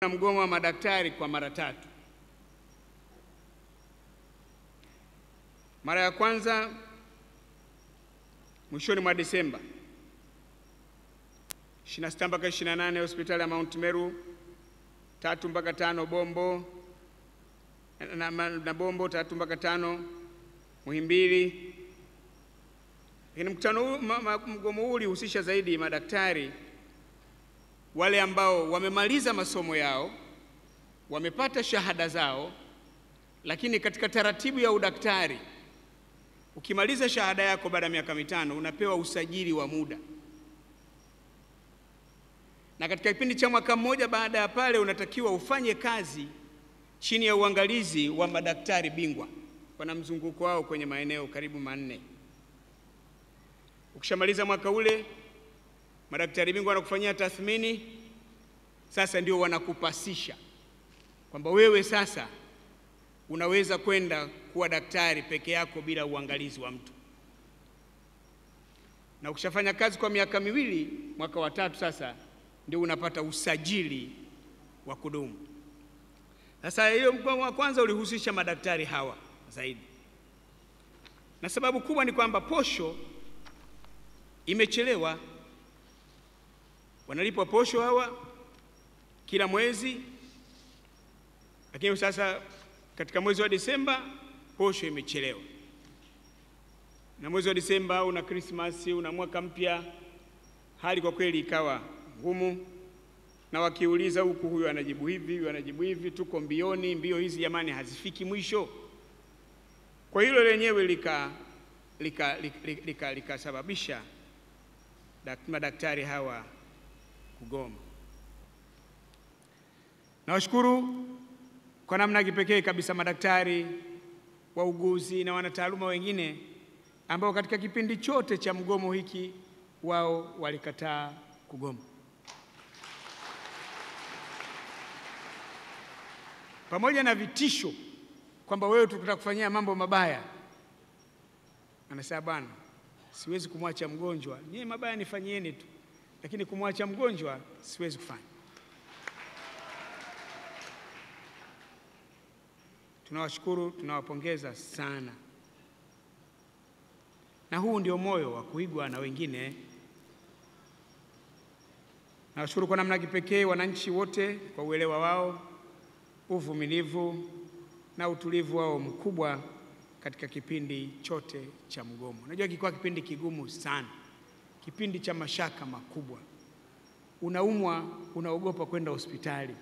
na mgomo wa madaktari kwa mara tatu. Mara ya kwanza mwishoni mwa Desemba 26 mpaka 28 hospitali ya Mount Meru, tatu mpaka tano Bombo na, na, na Bombo tatu mpaka tano Muhimbili. Lakini mkutano huu, mgomo huu ulihusisha zaidi madaktari wale ambao wamemaliza masomo yao wamepata shahada zao, lakini katika taratibu ya udaktari, ukimaliza shahada yako baada ya miaka mitano unapewa usajili wa muda, na katika kipindi cha mwaka mmoja baada ya pale unatakiwa ufanye kazi chini ya uangalizi wa madaktari bingwa. Wana mzunguko wao kwenye maeneo karibu manne. Ukishamaliza mwaka ule Madaktari bingwa wanakufanyia tathmini, sasa ndio wanakupasisha kwamba wewe sasa unaweza kwenda kuwa daktari peke yako bila uangalizi wa mtu, na ukishafanya kazi kwa miaka miwili, mwaka wa tatu sasa ndio unapata usajili wa kudumu. Sasa hiyo mgomo wa kwanza ulihusisha madaktari hawa zaidi, na sababu kubwa ni kwamba posho imechelewa wanalipwa posho hawa kila mwezi, lakini sasa katika mwezi wa Desemba posho imechelewa, na mwezi wa Desemba una Krismasi, una mwaka mpya. Hali kwa kweli ikawa ngumu, na wakiuliza huku, huyu anajibu hivi, huyu anajibu hivi, tuko mbioni, mbio hizi jamani hazifiki mwisho. Kwa hilo lenyewe likasababisha lika, lika, lika, lika, lika madaktari hawa Kugoma. Nawashukuru kwa namna kipekee kabisa madaktari, wauguzi na wanataaluma wengine ambao katika kipindi chote cha mgomo hiki wao walikataa kugoma. Pamoja na vitisho kwamba wewe tutakufanyia mambo mabaya, anasema bwana, siwezi kumwacha mgonjwa, nyie mabaya nifanyieni tu lakini kumwacha mgonjwa siwezi kufanya. Tunawashukuru, tunawapongeza sana, na huu ndio moyo wa kuigwa na wengine. Nawashukuru kwa namna kipekee wananchi wote kwa uelewa wao, uvumilivu na utulivu wao mkubwa katika kipindi chote cha mgomo. Najua kilikuwa kipindi kigumu sana kipindi cha mashaka makubwa, unaumwa, unaogopa kwenda hospitali,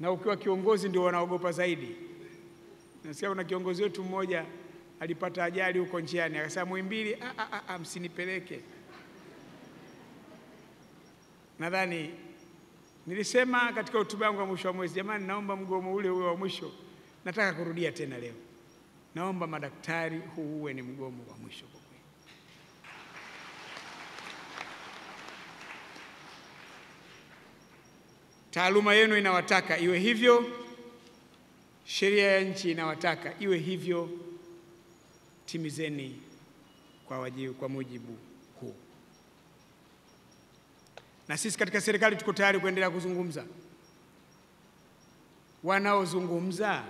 na ukiwa kiongozi ndio wanaogopa zaidi. Nasikia kuna kiongozi wetu mmoja alipata ajali huko njiani, akasema Muhimbili, ah, ah, ah, msinipeleke. Nadhani nilisema katika hotuba yangu ya mwisho wa mwezi, jamani, naomba mgomo ule huo wa mwisho nataka kurudia tena leo. Naomba madaktari, huu uwe ni mgomo wa mwisho kwa kweli. Taaluma yenu inawataka iwe hivyo, sheria ya nchi inawataka iwe hivyo. Timizeni kwa wajibu, kwa mujibu huu. Na sisi katika serikali tuko tayari kuendelea kuzungumza. Wanaozungumza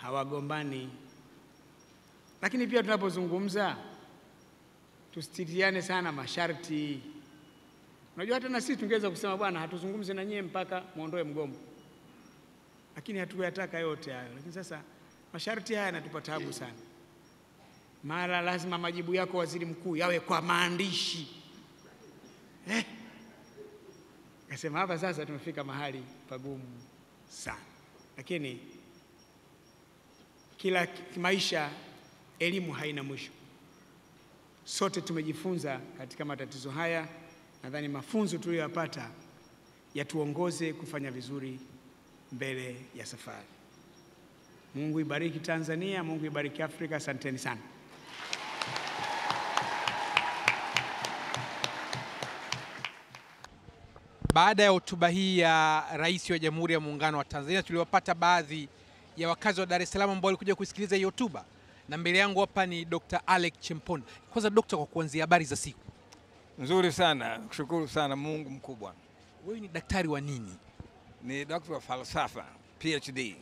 hawagombani. Lakini pia tunapozungumza tusitiliane sana masharti. Unajua hata na sisi tungeweza kusema bwana, hatuzungumzi na nyie mpaka mwondoe mgomo, lakini hatuyataka yote hayo. Lakini sasa masharti haya yanatupa taabu sana. Mara lazima majibu yako waziri mkuu yawe kwa maandishi eh. Kasema hapa sasa tumefika mahali pagumu sana, lakini kila maisha Elimu haina mwisho. Sote tumejifunza katika matatizo haya. Nadhani mafunzo tuliyoyapata yatuongoze kufanya vizuri mbele ya safari. Mungu ibariki Tanzania, Mungu ibariki Afrika. Asanteni sana. Baada ya hotuba hii ya Rais wa Jamhuri ya Muungano wa Tanzania, tuliwapata baadhi ya wakazi wa Dar es Salaam ambao walikuja kusikiliza hii hotuba na mbele yangu hapa ni Dr. Alec Chempon. Kwanza dokta, kwa kuanzia habari za siku nzuri sana, kushukuru sana Mungu mkubwa. Wewe ni daktari wa nini? Ni daktari wa falsafa PhD.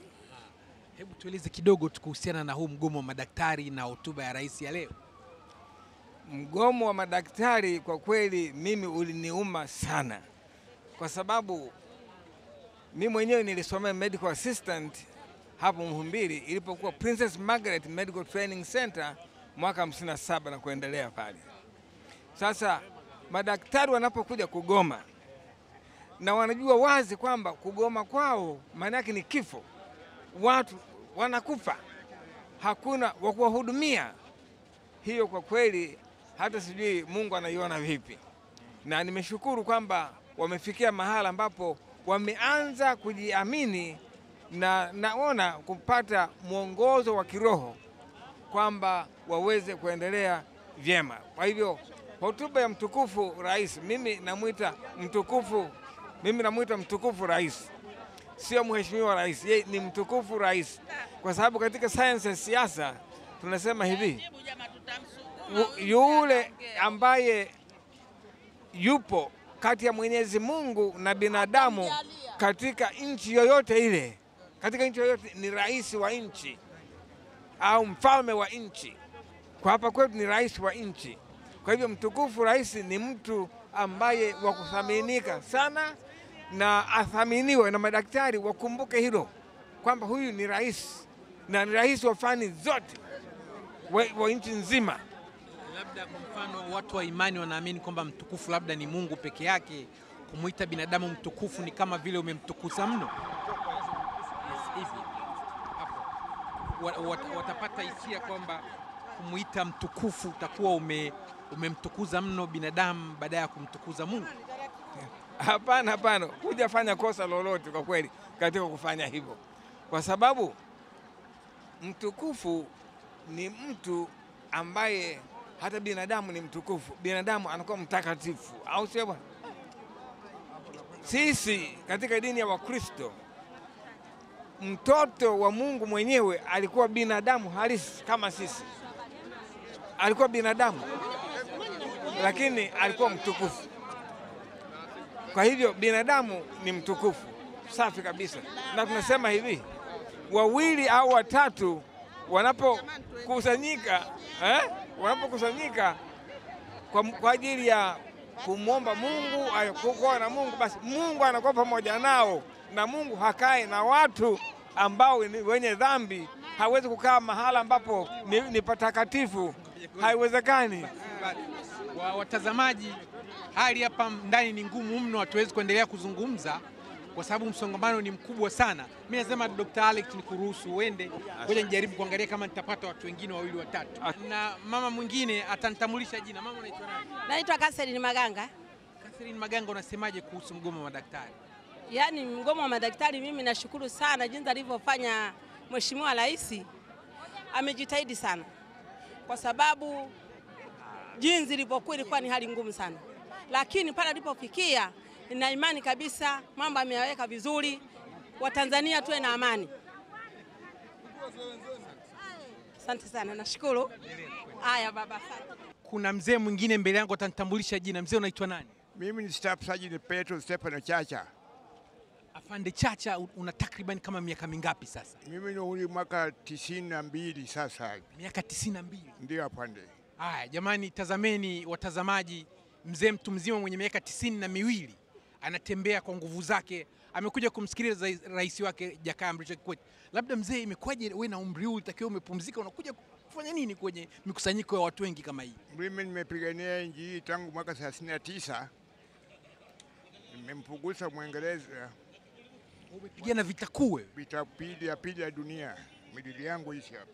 Hebu tueleze kidogo kuhusiana na huu mgomo wa madaktari na hotuba ya rais ya leo. Mgomo wa madaktari kwa kweli mimi uliniuma sana, kwa sababu mimi mwenyewe nilisomea medical assistant hapo Muhimbili ilipokuwa Princess Margaret Medical Training Center mwaka 57 na kuendelea pale. Sasa madaktari wanapokuja kugoma na wanajua wazi kwamba kugoma kwao maana yake ni kifo, watu wanakufa, hakuna wa kuwahudumia. Hiyo kwa kweli hata sijui Mungu anaiona vipi, na nimeshukuru kwamba wamefikia mahala ambapo wameanza kujiamini na naona kupata mwongozo wa kiroho kwamba waweze kuendelea vyema. Kwa hivyo hotuba ya mtukufu rais, mimi namwita mtukufu, mimi namwita mtukufu rais, sio mheshimiwa rais, yeye ni mtukufu rais, kwa sababu katika sayansi ya siasa tunasema hivi, yule ambaye yupo kati ya Mwenyezi Mungu na binadamu katika nchi yoyote ile katika nchi yoyote ni rais wa nchi au mfalme wa nchi. Kwa hapa kwetu ni rais wa nchi. Kwa hivyo mtukufu rais ni mtu ambaye wa kuthaminika sana na athaminiwe, na madaktari wakumbuke hilo kwamba huyu ni rais na ni rais wa fani zote wa, wa nchi nzima. Labda kwa mfano, watu wa imani wanaamini kwamba mtukufu labda ni Mungu peke yake. Kumwita binadamu mtukufu ni kama vile umemtukuza mno hivi hapo, watapata hisia kwamba kumwita mtukufu utakuwa ume, umemtukuza mno binadamu baada ya kumtukuza Mungu. Hapana, hapana, hujafanya kosa lolote kwa kweli katika kufanya hivyo, kwa sababu mtukufu ni mtu ambaye hata binadamu ni mtukufu, binadamu anakuwa mtakatifu, au sio bwana? Sisi katika dini ya Wakristo mtoto wa Mungu mwenyewe alikuwa binadamu halisi kama sisi, alikuwa binadamu lakini alikuwa mtukufu. Kwa hivyo binadamu ni mtukufu safi kabisa, na tunasema hivi wawili au watatu wanapokusanyika eh, wanapokusanyika kwa, kwa ajili ya kumwomba Mungu, kuokoa na Mungu, basi Mungu anakuwa pamoja nao na Mungu hakae na watu ambao ni wenye dhambi. Hawezi kukaa mahala ambapo ni, ni patakatifu, haiwezekani. Kwa watazamaji, hali hapa ndani ni ngumu mno, hatuwezi kuendelea kuzungumza kwa sababu msongamano ni mkubwa sana. Mi nasema Dr. Alex ni kuruhusu uende, ngoja nijaribu kuangalia kama nitapata watu wengine wawili watatu, ah. na mama mwingine atanitambulisha jina. Mama unaitwa nani? Naitwa Catherine Maganga. Catherine Maganga, unasemaje kuhusu mgomo wa madaktari? Yaani mgomo wa madaktari, mimi nashukuru sana jinsi alivyofanya Mheshimiwa Rais, amejitahidi sana, kwa sababu uh, jinsi ilivyokuwa ilikuwa ni hali ngumu sana, lakini pale alipofikia, nina imani kabisa mambo ameyaweka vizuri. Watanzania tuwe na amani. Asante sana, nashukuru. Haya baba, asante. Kuna mzee mwingine mbele yangu atanitambulisha jina. Mzee unaitwa nani? Mimi ni Staff Sajini Petro Stephen Chacha. Afande Chacha, una takriban kama miaka mingapi sasa? Mimi ni mwaka tisini na mbili sasa Miaka tisini na mbili ndio afande. Haya jamani, tazameni watazamaji, mzee mtu mzima mwenye miaka tisini na miwili anatembea kwa nguvu zake, amekuja kumsikiliza rais wake Jakaya Mrisho Kikwete. Labda mzee, imekuwaje wewe na umri huu utakiwa umepumzika unakuja kufanya nini kwenye mikusanyiko ya watu wengi kama hii? Mimi nimepigania nchi hii tangu mwaka 39 nimempugusa Mwingereza Umepigana vita kuu vita pili ya pili ya dunia, midili yangu ishi hapa.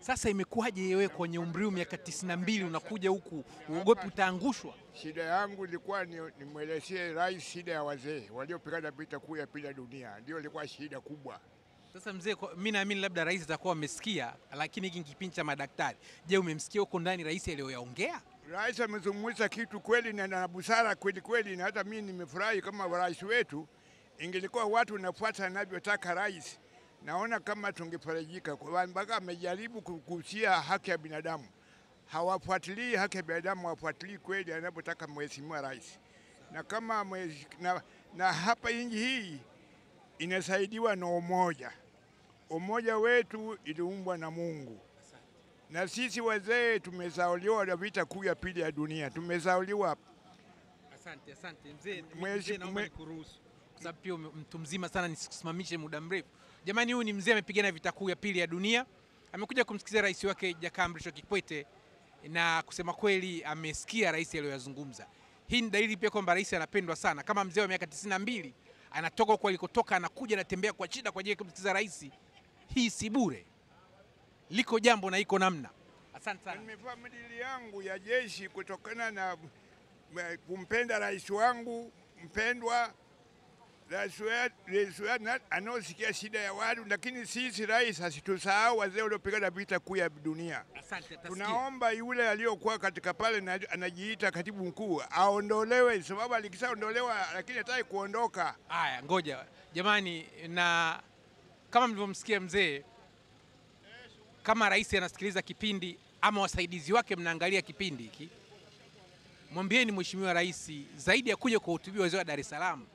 Sasa imekuwaje wewe kwenye umri wa miaka tisini na mbili unakuja huku uogopi utaangushwa? Shida yangu ilikuwa nimwelezee rais shida ya wazee waliopigana vita kuu ya pili ya dunia, ndio ilikuwa shida kubwa. Sasa mzee, mimi naamini labda rais atakuwa amesikia, lakini hiki kipindi cha madaktari, je, umemsikia huko ndani rais aliyoyaongea? Rais amezungumza kitu kweli na na busara kweli kweli, na hata mimi nimefurahi kama rais wetu Ingelikuwa watu nafuata anavyotaka rais, naona kama tungefarajika, mpaka amejaribu kugusia haki ya binadamu. Hawafuatilii haki ya binadamu, hawafuatilii kweli anavyotaka mheshimiwa rais. Na kama mwezi, na, na hapa inji hii inasaidiwa na umoja. Umoja wetu iliumbwa na Mungu na sisi wazee tumezauliwa na vita kuu ya pili ya dunia, tumezauliwa. Asante, asante mzee, mzee naomba nikuruhusu kwa sababu pia mtu mzima sana, nisikusimamishe muda mrefu. Jamani, huyu ni mzee, amepigana vita kuu ya pili ya dunia, amekuja kumsikiliza rais wake Jakaya Mrisho Kikwete, na kusema kweli amesikia rais aliyoyazungumza. Hii ni dalili pia kwamba rais anapendwa sana. Kama mzee wa miaka tisini na mbili anatoka huko alikotoka, anakuja anatembea kwa shida kwa ajili ya kumsikiliza rais. Hii si bure, liko jambo na iko namna. Asante sana. Nimevua medali yangu ya jeshi kutokana na eh, kumpenda rais wangu mpendwa anaosikia shida ya watu, lakini sisi rais asitusahau wazee waliopigana vita kuu ya dunia. tunaomba yule aliyokuwa katika pale anajiita katibu mkuu aondolewe, sababu alikishaondolewa lakini hataki kuondoka. Haya, ngoja jamani, na kama mlivyomsikia mzee, kama rais anasikiliza kipindi ama wasaidizi wake mnaangalia kipindi hiki, mwambieni mheshimiwa rais zaidi ya kuja kuhutubia wazee wa Dar es Salaam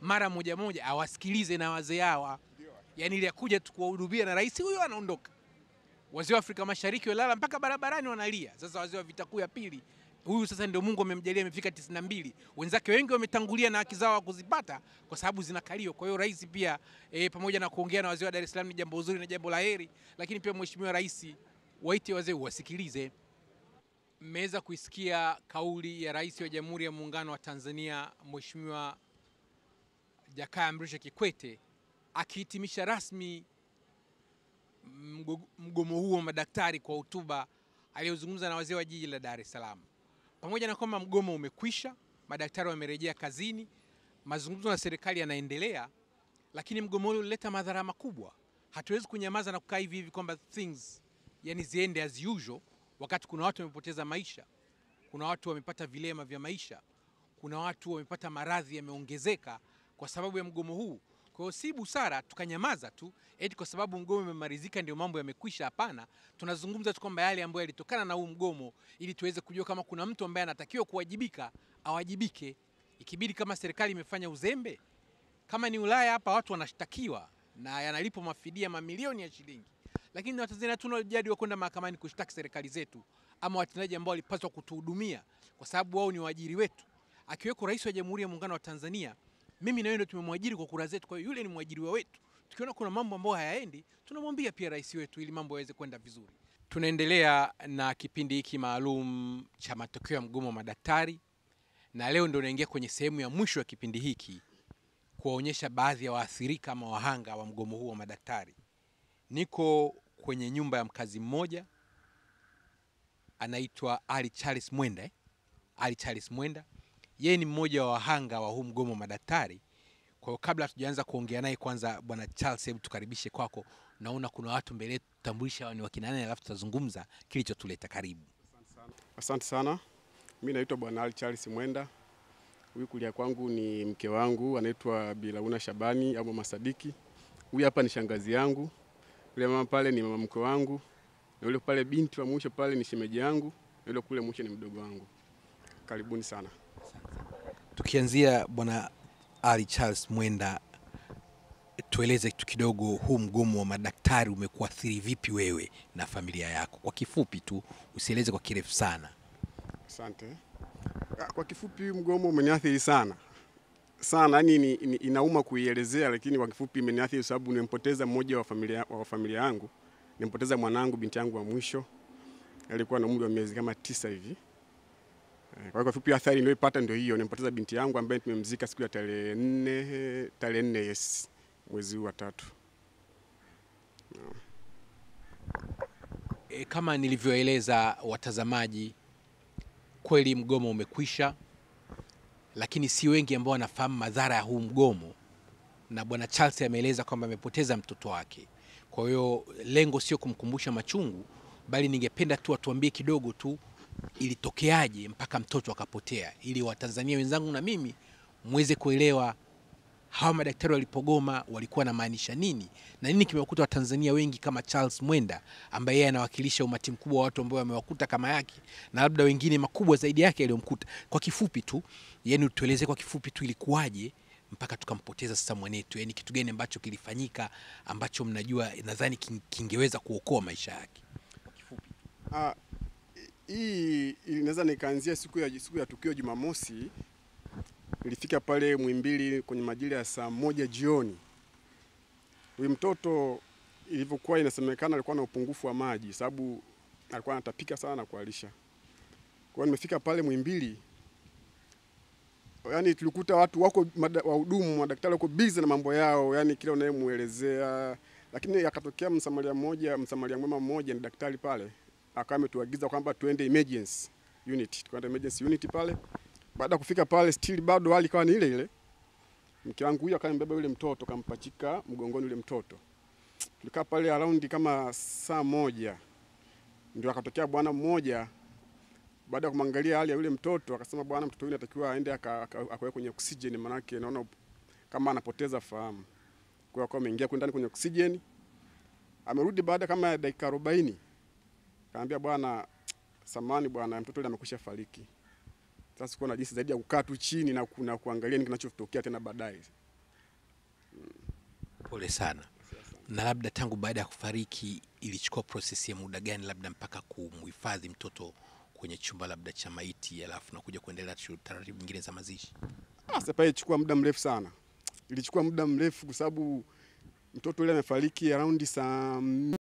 mara moja moja awasikilize na wazee hawa, yaani ile kuja tu kuwahudumia na rais huyo anaondoka. Wazee wa Afrika Mashariki walala mpaka barabarani wanalia. Sasa wazee wa vita kuu ya pili, huyu sasa ndio Mungu amemjalia amefika tisini na mbili. Wenzake wengi wametangulia na haki zao kuzipata kwa sababu zinakaliwa. Kwa hiyo rais pia e, pamoja na kuongea na wazee wa Dar es Salaam ni jambo zuri na jambo la heri, lakini pia mheshimiwa rais, waite wazee uwasikilize. Mmeweza kuisikia kauli ya rais wa Jamhuri ya Muungano wa Tanzania Mheshimiwa Jakaya Mrisho Kikwete akihitimisha rasmi mgomo huo wa madaktari kwa hotuba aliyozungumza na wazee wa jiji la Dar es Salaam. Pamoja na kwamba mgomo umekwisha, madaktari wamerejea kazini, mazungumzo na serikali yanaendelea, lakini mgomo huo ulileta madhara makubwa. Hatuwezi kunyamaza na kukaa hivi hivi kwamba things yani ziende as usual, wakati kuna watu wamepoteza maisha, kuna watu wamepata vilema vya maisha, kuna watu wamepata maradhi yameongezeka kwa sababu ya mgomo huu. Kwa hiyo si busara tukanyamaza tu eti kwa sababu mgomo umemalizika ndio mambo yamekwisha. Hapana, tunazungumza tu kwamba yale ambayo yalitokana na huu mgomo, ili tuweze kujua kama kuna mtu ambaye anatakiwa kuwajibika awajibike. Ikibidi kama serikali imefanya uzembe, kama ni Ulaya hapa watu wanashtakiwa na yanalipwa mafidia mamilioni ya shilingi, lakini na Watanzania tuna jadi wa kwenda mahakamani kushtaki serikali zetu ama watendaji ambao walipaswa kutuhudumia, kwa sababu wao ni waajiri wetu, akiweko Rais wa Jamhuri ya Muungano wa Tanzania mimi na wewe ndio tumemwajiri kwa kura zetu, kwa hiyo yule ni mwajiriwa wetu. Tukiona kuna mambo ambayo hayaendi, tunamwambia pia rais wetu ili mambo yaweze kwenda vizuri. Tunaendelea na kipindi hiki maalum cha matokeo ya mgomo wa madaktari, na leo ndio naingia kwenye sehemu ya mwisho ya kipindi hiki kuwaonyesha baadhi ya waathirika ama wahanga wa mgomo huu wa madaktari. Niko kwenye nyumba ya mkazi mmoja anaitwa Ali Charles Mwenda. Ali Charles Mwenda yeye ni mmoja wa wahanga wa huu mgomo wa madaktari. Kwa hiyo kabla tujaanza kuongea naye, kwanza Bwana Charles, hebu tukaribishe kwako. Naona kuna watu mbele yetu, tutambulisha wao ni wakina nani, alafu tutazungumza kilichotuleta. Karibu. Asante sana. Mimi naitwa Bwana Ali Charles Mwenda. Huyu kulia kwangu ni mke wangu anaitwa Bilauna Shabani au Mama Sadiki. Huyu hapa ni shangazi yangu. Yule mama pale ni mama mke wangu, na yule pale binti wa mwisho pale ni shemeji yangu, na yule kule mwisho ni mdogo wangu. Karibuni sana. Tukianzia Bwana Ali Charles Mwenda, tueleze kitu kidogo, huu mgomo wa madaktari umekuathiri vipi wewe na familia yako? Kwa kifupi tu, usieleze kwa kirefu sana. Asante. Ah, kwa kifupi, mgomo umeniathiri sana sana, yani ni, ni, inauma kuielezea, lakini kwa kifupi imeniathiri sababu nimempoteza mmoja wa familia, wa familia yangu, nimempoteza mwanangu, binti yangu wa mwisho, alikuwa na umri wa miezi kama tisa hivi Eh, kwa hivyo fupi athari niliyopata ndio hiyo, nimepoteza binti yangu ambaye tumemzika siku ya tarehe nne, tarehe nne yes, mwezi huu wa tatu. No. Eh, e, kama nilivyoeleza watazamaji, kweli mgomo umekwisha, lakini si wengi ambao wanafahamu madhara ya huu mgomo, na bwana Charles ameeleza kwamba amepoteza mtoto wake. Kwa hiyo lengo sio kumkumbusha machungu, bali ningependa tu atuambie kidogo tu ilitokeaje mpaka mtoto akapotea, ili Watanzania wenzangu na mimi muweze kuelewa hawa madaktari walipogoma walikuwa maanisha nini na nini kimewakuta Watanzania wengi kama Charles Mwenda ambaye yeye anawakilisha umati mkubwa wa watu ambao wamewakuta kama yake na labda wengine makubwa zaidi yake yaliyomkuta. Kwa kifupi tu, yani utueleze kwa kifupi tu ilikuwaje mpaka tukampoteza sasa mwenetu, yani kitu gani ambacho kilifanyika ambacho mnajua nadhani kingeweza kuokoa maisha yake kwa kifupi. Uh, hii inaweza nikaanzia siku ya, siku ya tukio Jumamosi. Nilifika pale Mwimbili kwenye majira ya saa moja jioni. Huyu mtoto ilivyokuwa inasemekana alikuwa na upungufu wa maji, sababu alikuwa anatapika sana na kualisha. Kwa hiyo nimefika pale Mwimbili, yani tulikuta watu wako wahudumu, madaktari wako busy na mambo yao, yani kila unayemuelezea, lakini akatokea msamaria mmoja, msamaria mwema mmoja, ni daktari pale akawa ametuagiza kwamba tuende emergency unit, tukaenda emergency unit pale. Baada kufika pale, still bado hali ikawa ni ile ile. Mke wangu huyo akawa amebeba yule mtoto, kampachika mgongoni yule mtoto. Tulikaa pale around kama saa moja, ndio akatokea bwana mmoja baada ya kumwangalia hali ya yule mtoto akasema, bwana, mtoto yule atakiwa aende akawe kwenye oksijeni, manake naona kama anapoteza fahamu. Kwa hiyo akawa ameingia ndani kwenye oxygen, amerudi baada kama dakika arobaini Kaambia bwana, samani bwana, mtoto yule amekwisha fariki. Sasa sikuwa na jinsi zaidi ya kukaa tu chini na kuna kuangalia nini kinachotokea tena baadaye. Mm. Pole sana. Na labda tangu baada ya kufariki ilichukua prosesi ya muda gani, labda mpaka kumhifadhi mtoto kwenye chumba labda cha maiti, alafu na kuja kuendelea taratibu nyingine za mazishi? Ah, Sasa ilichukua muda mrefu sana, ilichukua muda mrefu kwa sababu mtoto yule amefariki around saa